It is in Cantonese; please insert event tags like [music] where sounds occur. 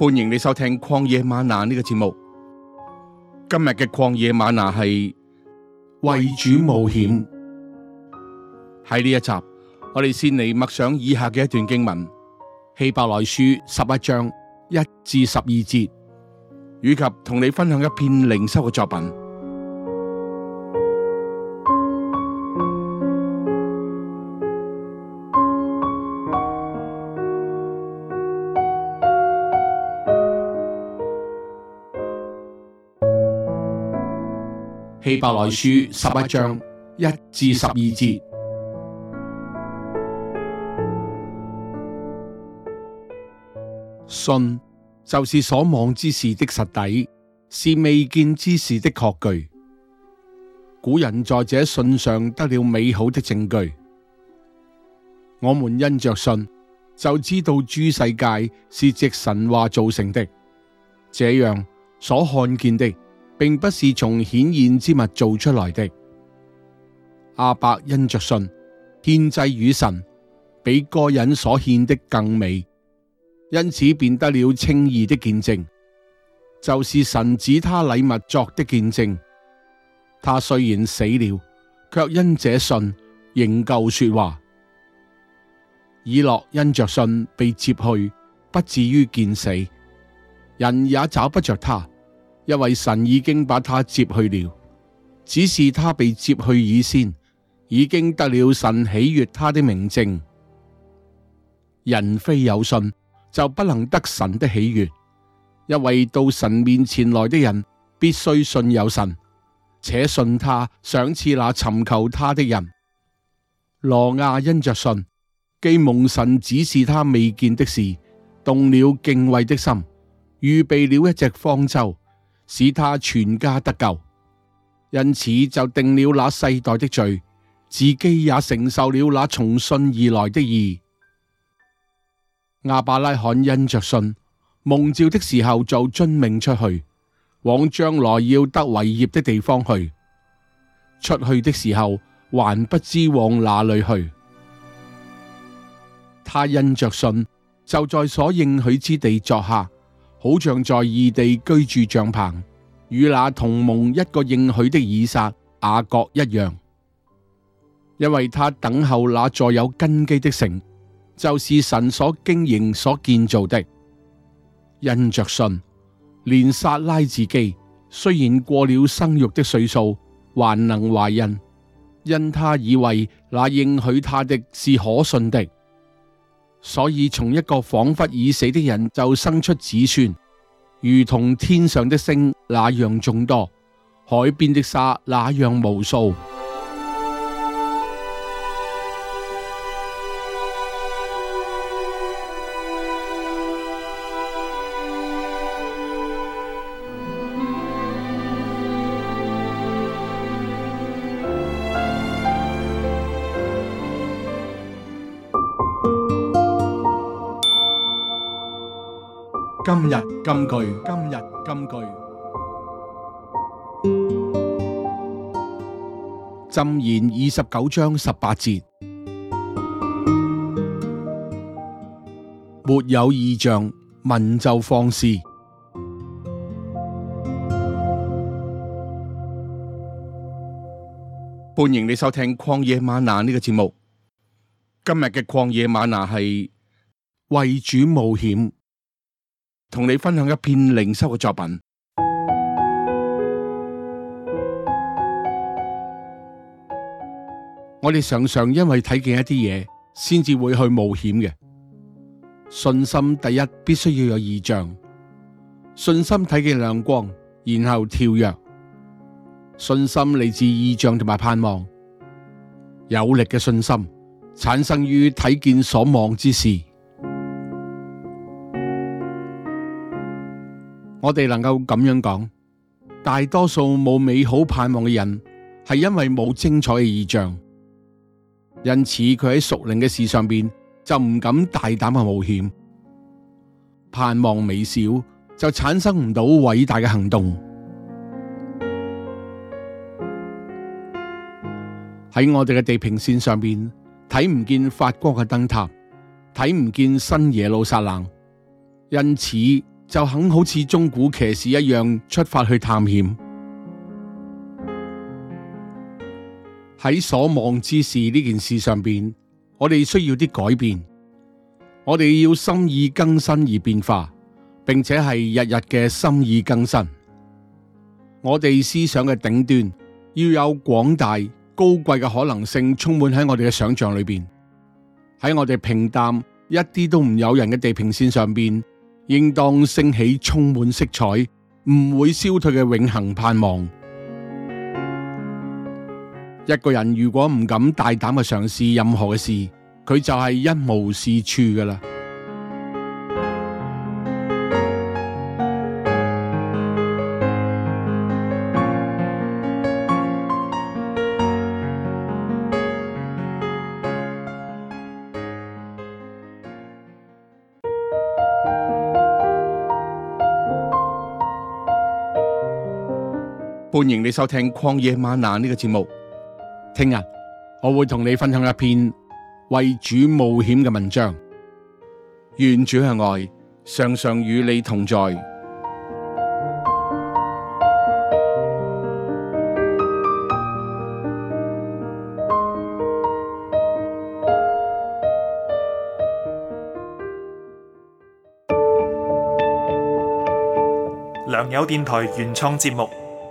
歡迎你收聽曠野嗎哪呢、這個節目。今日嘅曠野嗎哪係為主冒險。喺呢一集，我哋先嚟默想以下嘅一段經文：希伯來書十一章一至十二節，以及同你分享一篇靈修嘅作品。希伯來書十一章一至十二節，信就是所望之事的實底，是未見之事的確據。古人在這信上得了美好的證據，我們因着信就知道諸世界是藉神話造成的，這樣所看見的。並不是從顯現之物做出來的。亞伯因着信，獻祭與神，比該隱所獻的更美，因此便得了稱義的見證，就是神指他禮物作的見證。他雖然死了，卻因這信仍舊說話。以諾因着信被接去，不至於見死，人也找不着他。因為神已經把他接去了，只是他被接去以先，已經得了神喜悦他的明證。人非有信就不能得神的喜悦，因為到神面前來的人必須信有神，且信他賞賜那尋求他的人。挪亞因着信，既蒙神指示他未見的事，動了敬畏的心，預備了一隻方舟。使他全家得救，因此就定了那世代的罪，自己也承受了那從信而來的義。亞伯拉罕因着信，蒙召的時候就遵命出去，往將來要得為業的地方去。出去的時候還不知往哪裏去，他因着信，就在所應許之地作客。好像在異地居住帳篷，與那同蒙一個應許的以撒、雅各一樣，因為他等候那座有根基的城，就是神所經營、所建造的。因着信，連撒拉自己雖然過了生育的歲數，還能懷孕，因他以為那應許他的是可信的。所以從一個仿佛已死的人就生出子孫，如同天上的星那樣眾多，海邊的沙那樣無數。今日金句，今日金句。 [noise] 箴言二十九章十八節，沒有異象，民就放肆。歡迎你收聽曠野嗎哪呢、這個節目。今日嘅曠野嗎哪係為主冒險。同你分享一篇靈修嘅作品。 [noise] [noise] 我哋常常因為睇見一啲嘢，先至會去冒險嘅。信心第一，必須要有異象。信心睇見亮光，然後跳躍。信心嚟自異象同埋盼望。有力嘅信心產生於睇見所望之事。我哋能夠咁樣講，大多數冇美好盼望嘅人，係因為冇精彩嘅意象，因此佢喺屬靈嘅事上邊就唔敢大膽去冒險，盼望微小就產生唔到偉大嘅行動。喺我哋嘅地平線上邊睇唔見發光嘅燈塔，睇唔見新耶路撒冷，因此，就肯好似中古騎士一樣出發去探險。喺 [music] 所望之事呢件事上邊，我哋需要啲改變。我哋要心意更新而變化，並且係日日嘅心意更新。我哋思想嘅頂端要有廣大高貴嘅可能性充滿，充滿喺我哋嘅想象裏邊。喺我哋平淡一啲都唔有人嘅地平線上邊。應當升起充滿色彩、唔會消退嘅永恒盼望。一個人如果唔敢大膽去嘗試任何嘅事，佢就係一無是處㗎喇。歡迎你收聽曠野嗎哪呢個節目，聽日我會同你分享一篇為主冒險嘅文章。願主嘅愛，常常與你同在。良友電台原創節目。